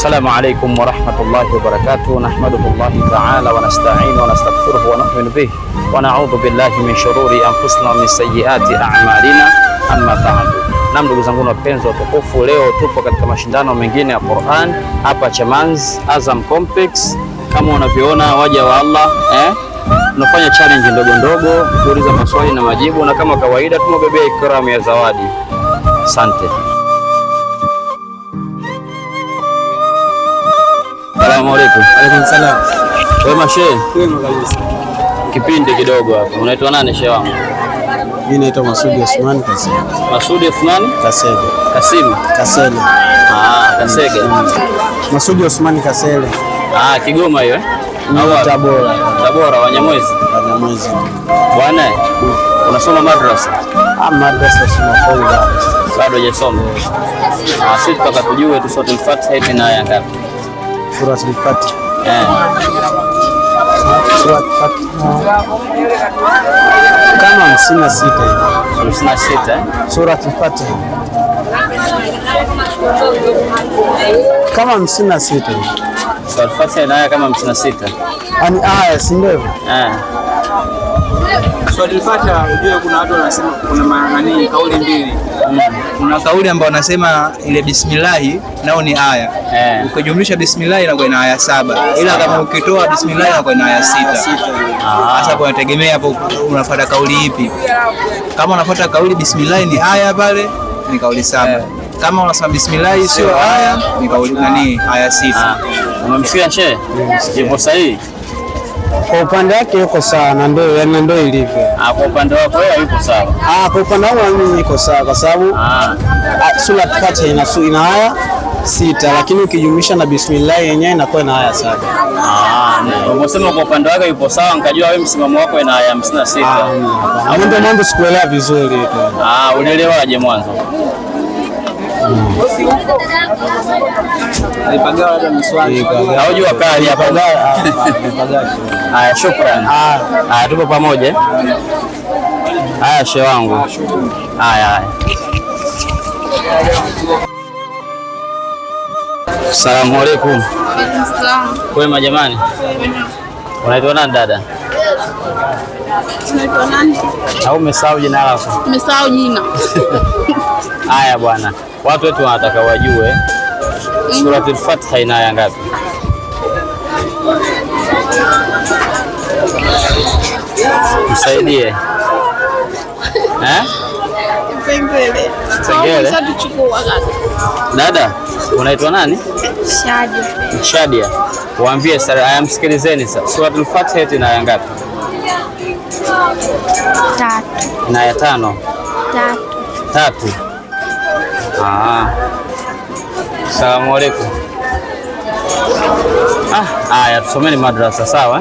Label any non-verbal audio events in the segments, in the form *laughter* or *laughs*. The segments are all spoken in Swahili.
Assalamu alaikum warahmatullahi wabarakatuh nahmaduhu llahi taala wanasta'inu wanastaghfiruhu wa nu'minu bihi wa na'udhu billahi min shururi anfusina wa min sayyiati a'malina amma ba'du. Na ndugu zangu wapenzi watukufu, leo tupo katika mashindano mengine ya Qur'an hapa Chamanzi Azam Complex. Kama unavyoona waja wa Allah eh, tunafanya challenge ndogo ndogo, kuuliza maswali na majibu, na kama kawaida tumebebea ikramu ya zawadi. Asante. Asalamu alaykum. Alaykum salam. Wema shehe. Wema kabisa. Kipindi kidogo hapa. Unaitwa nani shehe wangu? Mimi naitwa Masudi Osman Kasege. Masudi Osman Kasege. Kasim. Kasele. Ah, Kasege. Masudi Osman Kasele. Ah, Kigoma hiyo eh? Au Tabora. Tabora Wanyamwezi. Wanyamwezi. Bwana, eh? unasoma madrasa? Ah, madrasa si mafunzo. Bado hujasoma. Ah, sisi tutakatujue tu sote mfuate mfatihati na yanga. Suratul Fatih. Eh. Suratul Fatih. Kama hamsini na sita hivi. Hamsini na sita. Eh? Suratul Fatih. Kama hamsini na sita hivi. Suratul Fatih ina aya kama hamsini na sita. Yaani aya si ndio? Eh swali fata, ujue kuna watu wanasema kuna maana nini kauli mbili mm. kuna mm. kauli ambayo wanasema ile bismillahi nao ni aya yeah. Ukijumlisha bismillahi inakuwa ina aya saba, ila kama ukitoa bismillahi inakuwa ina aya sita. Sasa kwa ah. nategemea hapo unafuata kauli ipi. Kama unafuata kauli bismillahi ni aya pale ni kauli saba yeah. Kama unasema bismillahi sio aya ni kauli nani, aya sita. Ah. Unamsikia shehe? Ipo mm. sahihi. Kwa upande wake yuko sawa na ndio yani ndio ilivyo. Ah, kwa upande wako wewe yuko sawa. Ah, kwa upande wangu mimi niko sawa kwa sababu ah, sura tukata ina su, ina haya sita lakini ukijumlisha na bismillah yenyewe inakuwa na haya saba. Ah, umesema kwa upande wako yuko sawa, nikajua wewe msimamo wako ina haya 56. Ah, ndio mwanzo sikuelewa vizuri. Ah, ulielewaje mwanzo? Aujua haya. Shukrani, haya tupo pamoja. Haya shehe wangu, haya haya. Salamu aleikum. Kwema jamani, unaitwa nani dada? Au umesahau jina lako? Umesahau jina. *laughs* Haya bwana watu wetu wanataka wajue Suratul Fatiha ina aya ngapi? Msaidie eh? Dada, unaitwa nani? Shadia. Shadia. Waambie sasa, aya msikilizeni sasa. Suratul Fatiha ina aya ngapi? Tatu. Na aya tano. Tatu. Tatu. Salamu aleikum. Haya, ah, tusomeni madrasa sawa.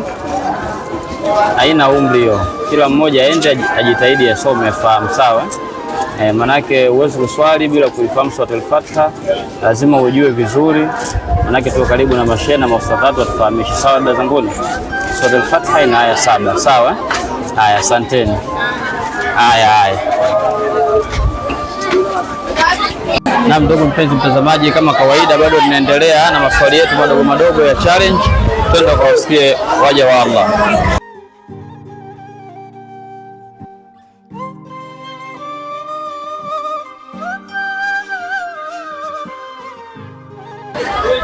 Haina umri hiyo, kila mmoja aende ajitahidi asome afahamu sawa. Eh, manake uwezo kuswali bila kuifahamu suratul Fatiha, lazima ujue vizuri, manake tuko karibu na mashehe na maustadhatu watufahamishe sawa. Dada zanguni, suratul Fatiha ina aya saba sawa. Haya, asanteni. Haya, haya. Na mdogo mpenzi mtazamaji, kama kawaida, bado tunaendelea na maswali yetu madogo madogo ya challenge. Twende kawasikie waja wa Allah.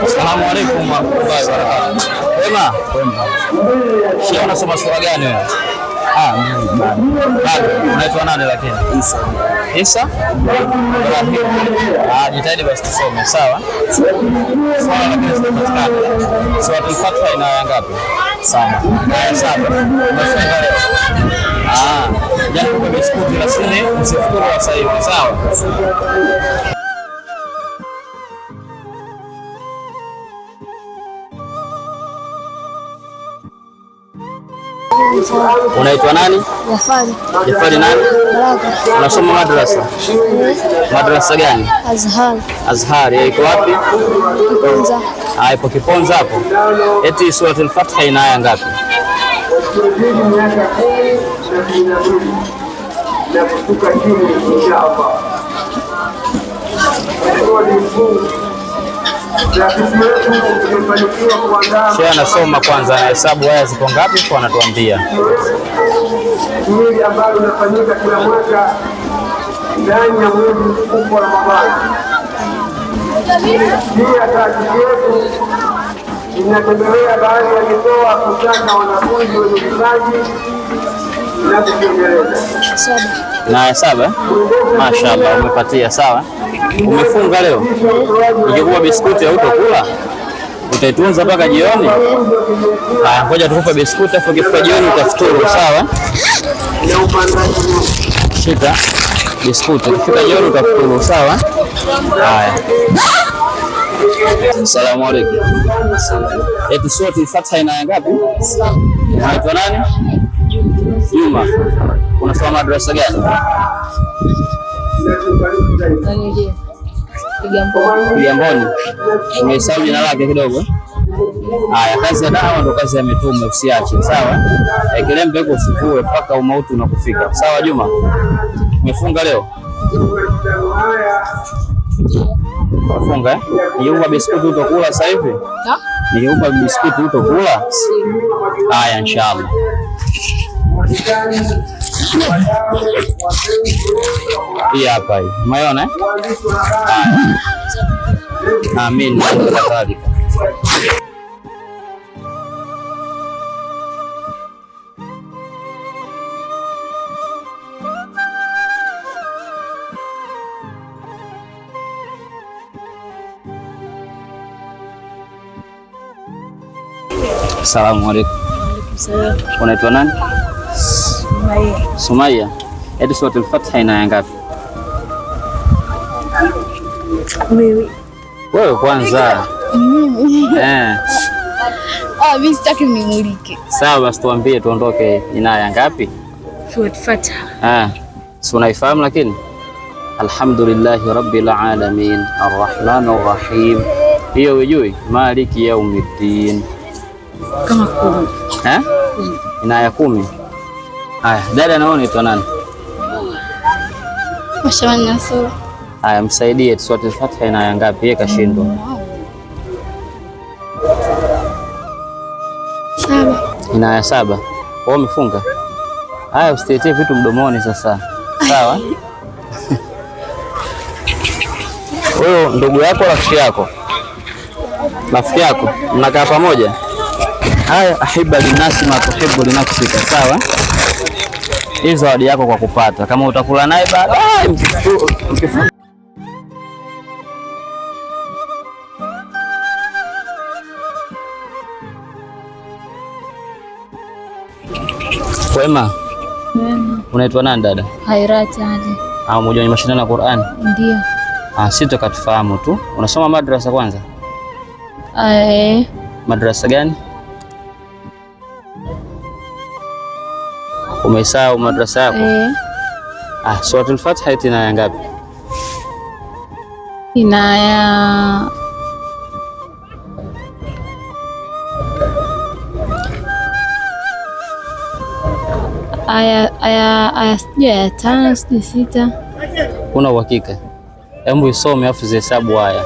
Asalamu alaykum wa rahmatullahi wa barakatuh. Wema? Wema. Sio unasoma sura gani wewe? Ah, mimi. Unaitwa nani lakini? Isa. Isa ah, jitahidi basi tusome sawa. Fatha ina aya ngapi? Saba. Ah, jana kwa biskuti la sile msifukuru wa saivi sawa Unaitwa nani? Jafari. Jafari nani? Baraka. Unasoma madrasa? Mm. Madrasa gani? Azhar. Azhar. Yeye eh, iko wapi? Kiponza. Ah, ipo Kiponza hapo. Eti suratul Fatiha ina aya ngapi? Sheh anasoma kwanza, anahesabu waya ziko ngapi, kwa anatuambia hili ambalo linafanyika kila mwaka ndani ya mwezi mkubwa wa Ramadhani. Pia taasisi yetu inatembelea baadhi ya mikoa kutaka wanafunzi wenye vipaji na kujiendeleza na ya saba. Mashaallah, umepatia sawa. Umefunga leo, ikikupa biskuti hautokula utaitunza mpaka jioni. Haya, ngoja tukupe biskuti, afu ukifika jioni utafuturu. Sawa, shika biskuti, ukifika jioni utafuturu. Sawa. Haya. Asalamu alaykum. Eti eh, sote Fatha ina ngapi? Naitwa nani? Juma. Unasoma madrasa gani? Kigamboni. Umesahau jina lake kidogo. Haya, kazi ya dawa ndo kazi ya mitume, usiache. Sawa, kilembe iko mpaka umauti unakufika. Sawa Juma, umefunga leo? Unafunga? Eh? Nikiupa biskuti utokula sasa hivi? Nikiupa biskuti utokula? Haya, inshallah. Hii hapa hii. Umeona? Amin. Kadhalika. Salamu alaykum. Unaitwa nani? Sumaya, hadi sura al-Fatiha ina ngapi? Wewe kwanza. Mm-hmm. Eh. Ah, mimi sitaki nimulike. Sawa basi tuambie tuondoke, ina ngapi? al-Fatiha. Eh. Si unaifahamu lakini? Alhamdulillahi Rabbil alamin Hiyo ujui Maliki yaumiddin. Kama kumi. Eh? Ina kumi. Haya, dada naona unaitwa nani? Mashamani Nasoro. Haya, msaidie tusote Fatiha ina aya ngapi? Yeye kashindwa. Mm, saba. Ina aya saba. Wewe umefunga? Haya, usitetie vitu mdomoni sasa. Sawa? Wewe *laughs* ndugu yako rafiki yako? Rafiki yako mnakaa pamoja? Haya, ahiba linasi matuhibu tuhibbu linafsika. Sawa? hii zawadi yako kwa kupata, kama utakula naye bado Wema. Unaitwa nani dada? Hairati Ali. Ah, mmoja wa mashindano ya Qur'an. Ndio. Ah, sisi tukatufahamu tu. Unasoma madrasa kwanza? Eh. Madrasa gani? Umesahau madrasa yako? Eh. Ah, Suratul Fatiha ina aya ngapi? Ina aya aya aya aya sijui aya tano sijui sita. Una uhakika? Hebu isome afu zihesabu aya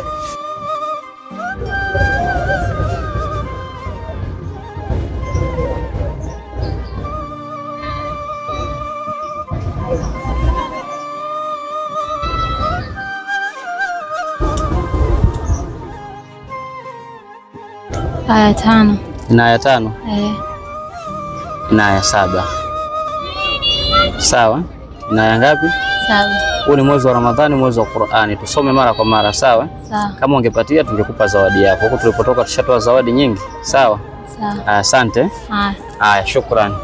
aya tano na aya tano eh, na aya saba sawa, na aya ngapi? Saba. Huu ni mwezi wa Ramadhani, mwezi wa Qur'ani, tusome mara kwa mara sawa. Sawa. Kama ungepatia tungekupa zawadi yako. Huko tulipotoka tushatoa zawadi nyingi sawa. Sawa. Asante. Haya, shukrani.